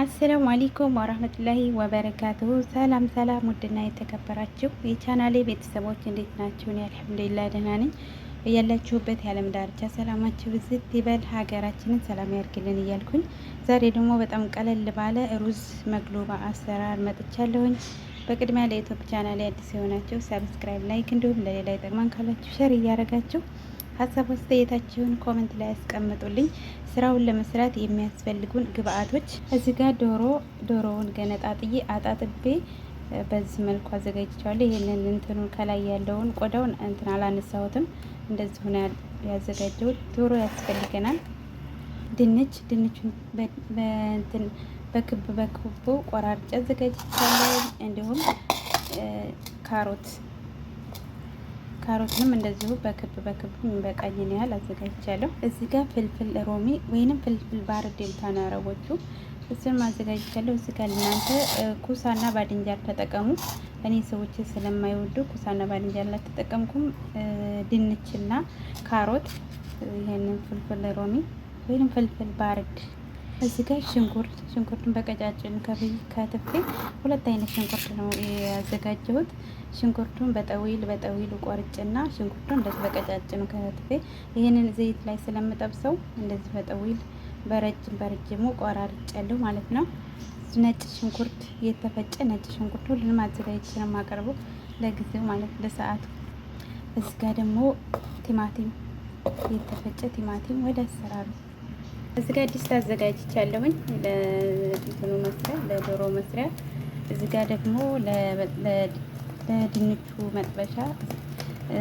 አሰላሙ አለይኩም ወራህመቱላሂ ወበረካቱሁ። ሰላም ሰላም፣ ውድና የተከበራችሁ የቻናሌ ቤተሰቦች እንዴት ናችሁ? እኔ አልሐምዱሊላህ ደህና ነኝ። እያላችሁበት የዓለም ዳርቻ ሰላማችሁ ብዝት ይበል፣ ሀገራችንን ሰላም ያድርግልን እያልኩኝ ዛሬ ደግሞ በጣም ቀለል ባለ ሩዝ መግሉባ አሰራር መጥቻለሁኝ። በቅድሚያ ለኢትዮጵያ ቻናሌ አዲስ የሆናችሁ ሰብስክራይብ፣ ላይክ እንዲሁም ለሌላ ይጠቅማን ካላችሁ ሸር እያደረጋችሁ ሀሳብ አስተያየታችሁን ኮመንት ላይ ያስቀምጡልኝ። ስራውን ለመስራት የሚያስፈልጉን ግብአቶች እዚህ ጋር ዶሮ ዶሮውን ገነጣጥዬ አጣጥቤ በዚህ መልኩ አዘጋጅቸዋለሁ። ይህንን እንትኑን ከላይ ያለውን ቆዳውን እንትን አላነሳሁትም። እንደዚሁ ነው ያዘጋጀሁት። ዶሮ ያስፈልገናል። ድንች ድንቹን በእንትን በክብ በክቡ ቆራርጬ አዘጋጅቻለሁ። እንዲሁም ካሮት ካሮትንም እንደዚሁ በክብ በክብ የሚበቃኝን ያህል አዘጋጅቻለሁ። እዚህ ጋር ፍልፍል ሮሚ ወይንም ፍልፍል ባርድ ዴልታና አረቦቹ እሱን አዘጋጅቻለሁ። እዚህ ጋር እናንተ ኩሳና ባድንጃር ተጠቀሙ። እኔ ሰዎች ስለማይወዱ ኩሳና ባድንጃር ተጠቀምኩም ድንችና ካሮት ይህንን ፍልፍል ሮሚ ወይንም ፍልፍል ባርድ እዚህ ጋር ሽንኩርት ሽንኩርትን በቀጫጭን ከፍዬ ከትፌ ሁለት አይነት ሽንኩርት ነው ያዘጋጀሁት። ሽንኩርቱን በጠዊል በጠዊሉ ቆርጭና ሽንኩርቱን እንደዚህ በቀጫጭኑ ከትፌ ይህንን ዘይት ላይ ስለምጠብሰው እንደዚህ በጠዊል በረጅም በረጅሙ ቆራርጫለሁ ማለት ነው። ነጭ ሽንኩርት የተፈጨ ነጭ ሽንኩርት ሁሉንም አዘጋጅቼ ነው የማቀርበው ለጊዜው ማለት ለሰዓቱ። እዚህ ጋር ደግሞ ቲማቲም የተፈጨ ቲማቲም ወደ አሰራሩ እዚህ ጋር ዲስት አዘጋጅቻለሁኝ ለእንትኑ መስሪያ ለዶሮ መስሪያ። እዚህ ጋር ደግሞ ለድንቹ መጥበሻ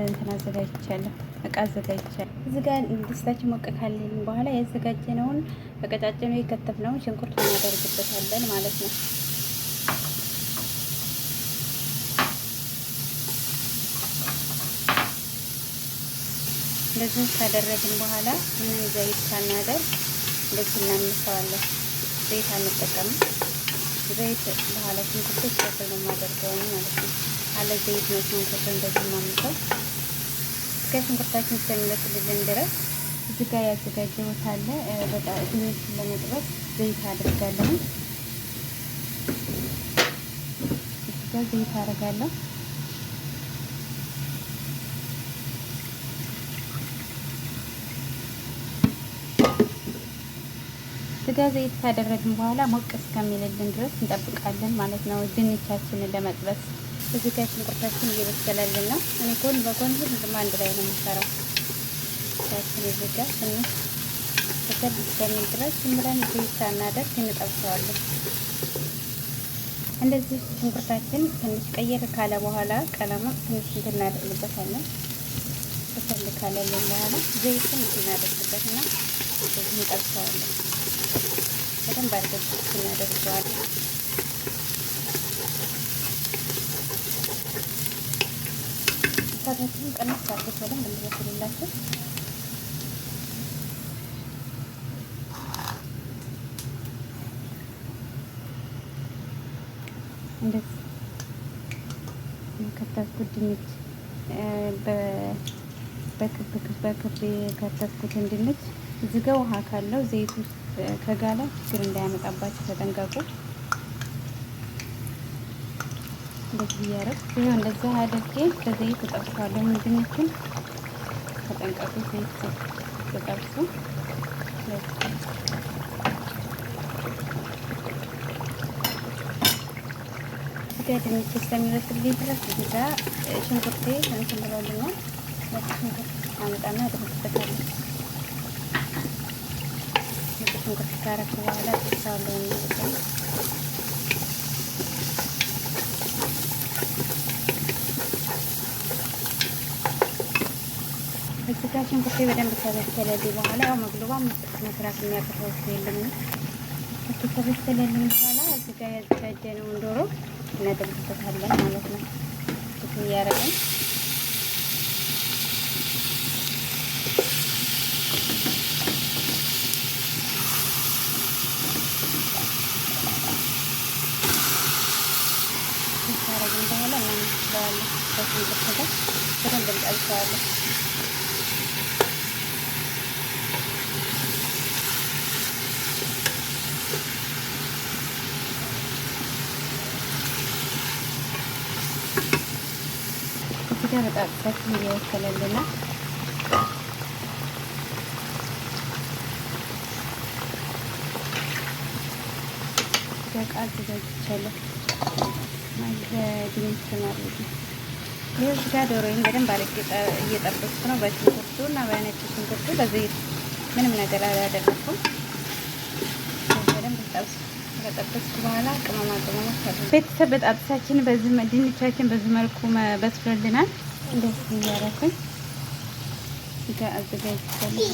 እንትን አዘጋጅቻለሁ እቃ አዘጋጅቻለሁ። እዚህ ጋር ዲስታችን ሞቅ ካለኝ በኋላ ያዘጋጀነውን በቀጫጭኑ የከተፍነውን ሽንኩርት እናደርግበታለን ማለት ነው። እንደዚህ ካደረግን በኋላ ምንም ዘይት ሳናደርግ እንደዚህ እናነሳዋለን። ዘይት አንጠቀምም። ዘይት በኋላ ሽንኩርቶች በስል ነው የማደርገው ማለት ነው። አለ ዘይት ነው ሽንኩርት እንደዚህ ማምሰው እስከ ሽንኩርታችን እስከሚበስልልን ድረስ እዚህ ጋር ያዘጋጀሁት አለ በጣም ድንች ለመጥበስ ዘይት አድርጋለሁ። እዚህ ጋር ዘይት አደርጋለሁ። ስጋ ዘይት ካደረግን በኋላ ሞቅ እስከሚልልን ድረስ እንጠብቃለን ማለት ነው። ድንቻችንን ለመጥበስ እዚህ ጋር ሽንኩርታችን እየበሰለልን ነው። እኔ ጎን በጎን ሁሉም አንድ ላይ ነው የምሰራው። ቻችን እዚህ ጋር ትንሽ በሰል እስከሚል ድረስ ዝምብለን ዘይት ሳናደርግ እንጠብሰዋለን። እንደዚህ ሽንኩርታችን ትንሽ ቀየር ካለ በኋላ ቀለሙ ትንሽ እንትናደርግበታለን በሰል ካለልን በኋላ ዘይትን እንትናደርግበትና እንጠብሰዋለን። በደንብ አድርገን እናደርገዋለን። እሳታችሁን ቀነስ አድርገን በደንብ እንዲበስልላችሁ እንደዚህ የከተፍኩት ድንች በክብ በክብ የከተፍኩትን ድንች እዚህ ጋ ውሃ ካለው ዘይት ውስጥ ከጋለ ችግር እንዳያመጣባችሁ ተጠንቀቁ። እንደዚህ እያደረኩ ይኸው እንደዛ አድርጌ በዘይት እጠብሰዋለሁ። ምንድንችን ተጠንቀቁ። ዘይት ተጠብሱ ስጋድንች እስከሚበስልልኝ ድረስ ሽንኩርቴ እንትን ብሎልኛል። ሽንኩርት አመጣና ሽንኩርት ካረኩ በኋላ ተሳለው ነው። እዚህ ጋር ሽንኩርቴ በደንብ ከበሰለልኝ በኋላ ያው መግለቧም መስራት የሚያቅተው የለም። እሱ ከበሰለልኝ በኋላ እዚህ ጋር ያዘጋጀነውን ዶሮ እናደርግበታለን ማለት ነው እያረግን ካረግን በኋላ እናመችለዋለን። ከሽንኩርት ጋር በደንብ እንጠብሰዋለን። እዚህ ጋር በጣም ሰፊ እየወከለልናል። በቃ አዘጋጅቻለሁ። ለድንች ማለት ነው። ይህ ጋር ዶሮውን በደንብ አድርጌ እየጠበስኩ ነው። በሽንኩርቱ እና በነጭ ሽንኩርቱ በዘይት ምንም ነገር አላደረኩም። በደንብ ከጠበስኩ በኋላ ቅመማ ቅመሞች አሉ። ቤተሰብ በጣጥሳችን ድንቻችን በዚህ መልኩ በስሎልናል። እንደዚህ እያደረኩኝ ስጋ አዘጋጅቻለሁ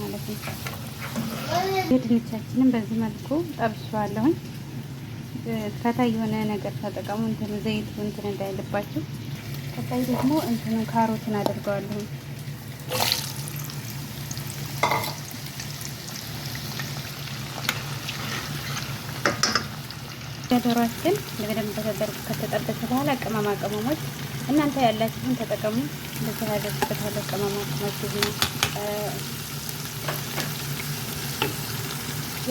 ማለት ነው። የድንቻችንን በዚህ መልኩ ጠብሷለሁኝ። ፈታ የሆነ ነገር ተጠቀሙ። እንትን ዘይት እንትን እንዳይልባችሁ። ቀጣይ ደግሞ እንትኑን ካሮትን አድርገዋለሁ። ዶሯችን በደንብ በተደርጎ ከተጠበሰ በኋላ ቅመማ ቅመሞች እናንተ ያላችሁን ተጠቀሙ። በዚህ ያደርግበታለሁ ቅመማ ቅመሞች ብዙ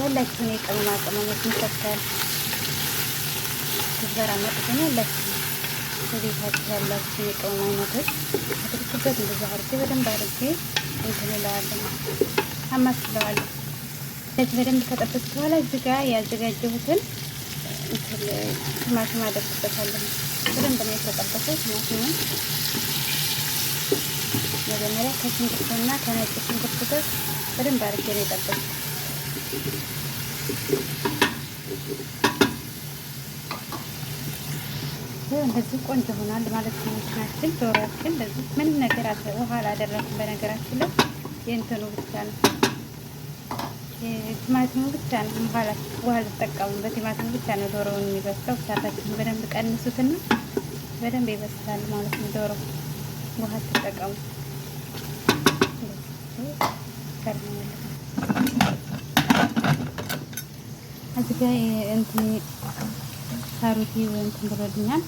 ያላችሁን የቅመማ ቅመሞች ይሰብታል ጋር አመጡትን ያላችሁ በቤታችሁ ያላችሁ የቅመም አይነቶች አድርጉበት። እንደዛ አድርጌ በደንብ አድርጌ እንትን እለዋለሁ፣ አማስለዋለሁ። እንደዚህ በደንብ ከጠበስኩ በኋላ እዚህ ጋር ያዘጋጀሁትን ቲማቲም አደርግበታለሁ። በደንብ ነው የተጠበሰው። ቲማቲሙን መጀመሪያ ከሽንኩርትና ከነጭ ሽንኩርት ጋር በደንብ አድርጌ ነው የጠበስኩት። እንደዚህ ቆንጆ ይሆናል ማለት ነው። ምክንያቱም ዶሮዎችን እንደዚህ ምንም ነገር አለ ውሃ አላደረኩም። በነገራችን ላይ የእንትኑ ብቻ ነው ቲማቲሙ ብቻ ነው ውሃ ውሃ ልጠቀሙ በቲማቲሙ ብቻ ነው ዶሮውን የሚበስለው። እሳታችሁን በደንብ ቀንሱትና በደንብ ይበስላል ማለት ነው። ዶሮ ውሃ ትጠቀሙ እዚህ ጋ እንትን ካሮቴ ወይም ትንብሎልኛል።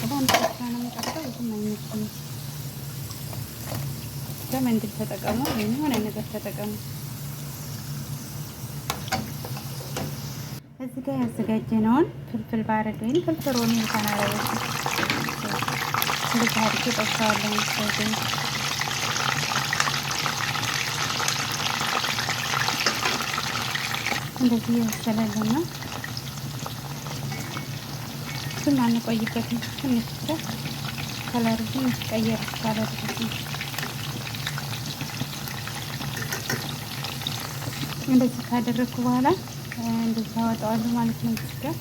በጣም ተፈራ ነው የሚጠቅሰው ብዙም አይመችም። በመንድል ተጠቀሙ ወይም የሆነ ነገር ተጠቀሙ። እዚህ ጋር ያዘጋጀነውን ፍልፍል ባረድ ወይም ፍልፍል ሮሚ ካናረበ እንደዚህ አድርጌ ጠብሰዋለሁ። እንደዚህ የበሰለልን ነው። እሱን አንቆይበት ትንሽ ድረስ ከለሩ ትንሽ ቀየር ይቻላል። እንደዚህ ካደረግኩ በኋላ እንደዚህ አወጣዋለሁ ማለት ነው። እዚህ ጋር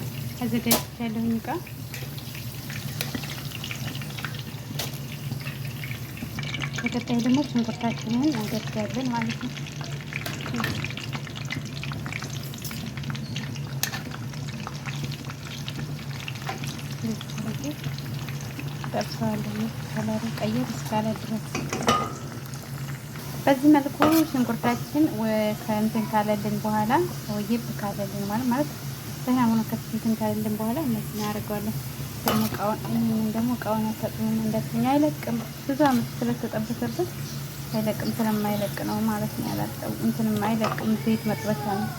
አዘጋጅቻለሁኝ እቃ በቀጣይ ደግሞ ሽንኩርታችንን አደርጋለን ማለት ነው። እጠብሰዋለሁ። ከለሩ ቀየር እስካለ ድረስ በዚህ መልኩ ሽንኩርታችን ከእንትን ካለልን በኋላ ወይብ ካለልን ማለት ማለት በህናሙን ከእንትን ካለልን በኋላ እነዚህ እናደርገዋለን። ደግሞ እቃውን ይህንን ደግሞ እቃውን ያሳጥሙን እንደትኛ አይለቅም። ብዙ አመት ስለተጠበሰበት አይለቅም። ስለማይለቅ ነው ማለት ነው ያላጠው እንትንም አይለቅም። ዘይት መጥበሻ ነው።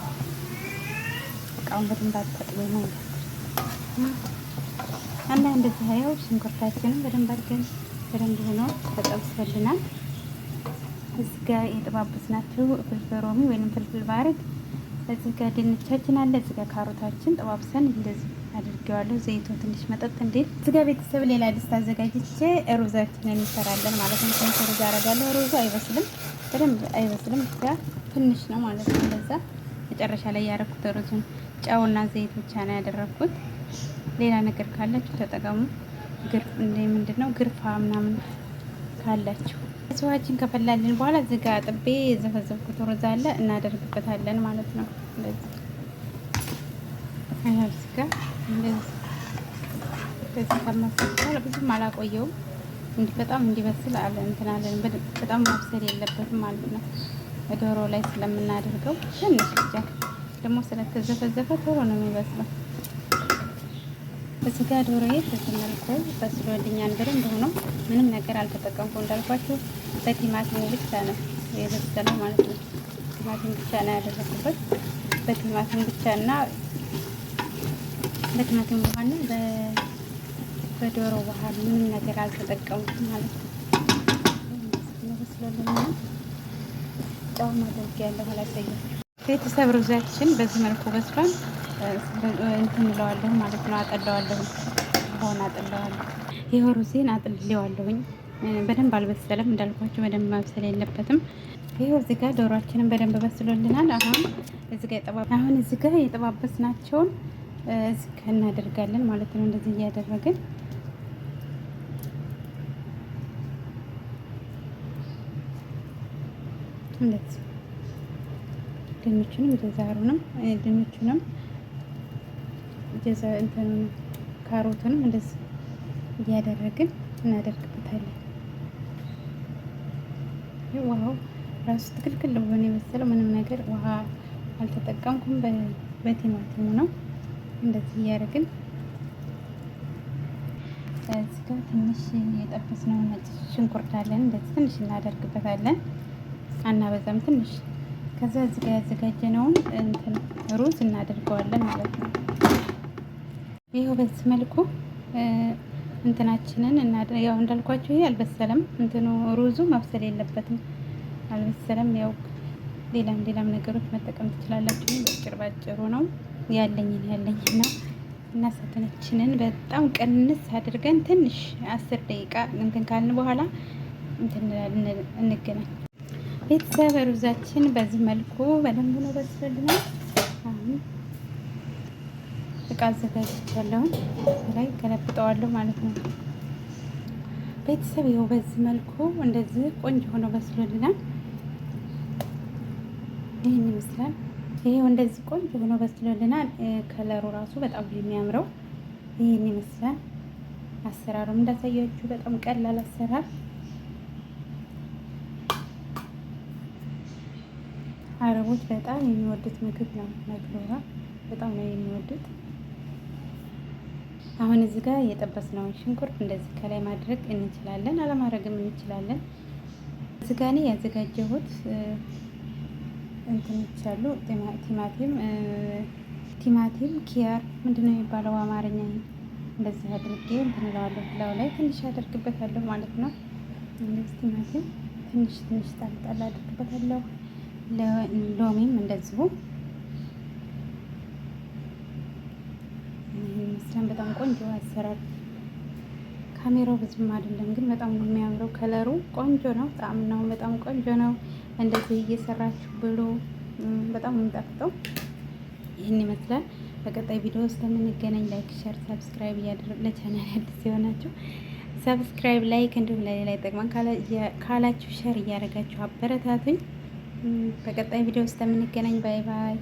እቃውን በደንብ አታጥሙ ይሆናል። እና እንደዚህ ያው ሽንኩርታችንን በደንብ አድርገን በደንብ ሆኖ ተጠብሶልናል። እዚህ ጋር የጠባበስናቸው ፍልፍል ሮሚ ወይንም ፍልፍል ባሪክ፣ እዚህ ጋር ድንቻችን አለ። እዚህ ጋር ካሮታችን ጥባብሰን እንደዚህ አድርጌዋለሁ። ዘይቶ ትንሽ መጠጥ እንዴት። እዚህ ጋር ቤተሰብ ሌላ ድስት አዘጋጅቼ ሩዛችንን እንሰራለን ማለት ነው። ትንሽ ሩዝ አደርጋለሁ። ሩዙ አይበስልም፣ በደንብ አይበስልም። እዚህ ጋር ትንሽ ነው ማለት ነው። እንደዛ መጨረሻ ላይ ያደረኩት ሩዙን ጨውና ዘይት ብቻ ነው ያደረኩት። ሌላ ነገር ካላችሁ ተጠቀሙ። ምንድን ነው ግርፋ ምናምን ካላችሁ ስዋችን ከፈላልን በኋላ እዚህ ጋር ጥቤ የዘፈዘፍኩት ሩዝ አለ እናደርግበታለን ማለት ነው። እዚህ ጋር እንደዚህ ብዙም አላቆየውም። እንዲህ በጣም እንዲበስል አለ እንትን አለን በጣም ማብሰል የለበትም ማለት ነው። ዶሮ ላይ ስለምናደርገው ትንሽ ብቻ ደግሞ ስለተዘፈዘፈ ቶሎ ነው የሚበስለው። እዚህ ጋር ዶሮዬ በዚህ መልኩ በስሎልኛል። በደንብ ሆኖ ምንም ነገር አልተጠቀምኩ እንዳልኳችሁ በቲማቲም ብቻ ነው የበሰለው ማለት ነው። ቲማቲም ብቻ ነው ያደረኩበት። በቲማቲም ብቻ እና በቲማቲም ውሃና በዶሮ ውሃ ምንም ነገር አልተጠቀምኩ ማለት ነው። በስሎልኛል። ጫው ማድረግ ያለው ላሳያችሁ ቤተሰብ ሩዛችን በዚህ መልኩ በስሏል። እንትን እለዋለሁ ማለት ነው። አጠለዋለሁ ሆን አጠለዋለሁ የሩዜን አጥልሌዋለሁኝ። በደንብ አልበሰለም እንዳልኳቸው በደንብ መብሰል የለበትም። ይሄው እዚህ ጋር ዶሯችንን በደንብ በስሎልናል። አሁን እዚህ ጋር የጠባ አሁን እዚህ ጋር የጠባበስናቸውን እዚህ ጋር እናደርጋለን ማለት ነው። እንደዚህ እያደረግን እንደዚህ ድንቹንም ዘዛሩንም ድንቹንም ጀዛ እንትን ካሮቱንም እንደዚህ እያደረግን እናደርግበታለን። ውሃው ራሱ ትክልክል ብሎን የመሰለው ምንም ነገር ውሃ አልተጠቀምኩም። በቲማቲሙ ነው እንደዚህ እያደረግን እዚህ ጋር ትንሽ የጠበስነው ነጭ ሽንኩርት አለን። እንደዚህ ትንሽ እናደርግበታለን፣ አናበዛም ትንሽ። ከዛ እዚህ ጋር ያዘጋጀነውን እንትን ሩዝ እናደርገዋለን ማለት ነው። ይኸው በዚህ መልኩ እንትናችንን እና ያው እንዳልኳችሁ ይሄ አልበሰለም፣ እንትኑ ሩዙ ማብሰል የለበትም አልበሰለም። ያው ሌላም ሌላም ነገሮች መጠቀም ትችላላችሁ። በጭር ባጭሩ ነው ያለኝን ያለኝ ያለኝና እና ሳትናችንን በጣም ቀንስ አድርገን ትንሽ አስር ደቂቃ እንትን ካልን በኋላ እንትን እንገናኝ። ቤተሰብ ሩዛችን በዚህ መልኩ በደንብ ነው በስልናል። እቃ አዘጋጅቻለሁኝ ላይ ገለብጠዋለሁ ማለት ነው። ቤተሰብ ይኸው በዚህ መልኩ እንደዚህ ቆንጆ ሆኖ በስሎልናል። ይህን ይመስላል። ይሄው እንደዚህ ቆንጆ ሆኖ በስሎልናል። ከለሩ ራሱ በጣም የሚያምረው ይህን ይመስላል። አሰራሩም እንዳሳያችሁ በጣም ቀላል አሰራር አረቦች በጣም የሚወዱት ምግብ ነው። መግሎራ በጣም ነው የሚወዱት። አሁን እዚህ ጋር የጠበስነውን ሽንኩርት እንደዚህ ከላይ ማድረግ እንችላለን፣ አለማድረግም እንችላለን። እዚህ ጋር እኔ ያዘጋጀሁት እንትን ይቻሉ ቲማቲም ቲማቲም ኪያር ምንድን ነው የሚባለው አማርኛ? እንደዚህ አድርጌ እንትን እለዋለሁ። ላው ላይ ትንሽ አደርግበታለሁ ማለት ነው። እንደዚህ ቲማቲም ትንሽ ትንሽ ጣልጣል አደርግበታለሁ። ሎሚም እንደዚሁ አያሳስረን። በጣም ቆንጆ አሰራር ካሜራው ብዙም አይደለም ግን በጣም ነው የሚያምረው። ከለሩ ቆንጆ ነው፣ ጣዕም ነው በጣም ቆንጆ ነው። እንደዚህ እየሰራችሁ ብሎ በጣም የሚጣፍጠው ይህን ይመስላል። በቀጣይ ቪዲዮ ውስጥ የምንገናኝ። ላይክ፣ ሸር፣ ሰብስክራይብ እያደረግ ለቻናል አዲስ የሆናችሁ ሰብስክራይብ፣ ላይክ እንዲሁም ለሌላ ይጠቅማል ካላችሁ ሸር እያደረጋችሁ አበረታቱኝ። በቀጣይ ቪዲዮ ውስጥ የምንገናኝ። ባይ ባይ።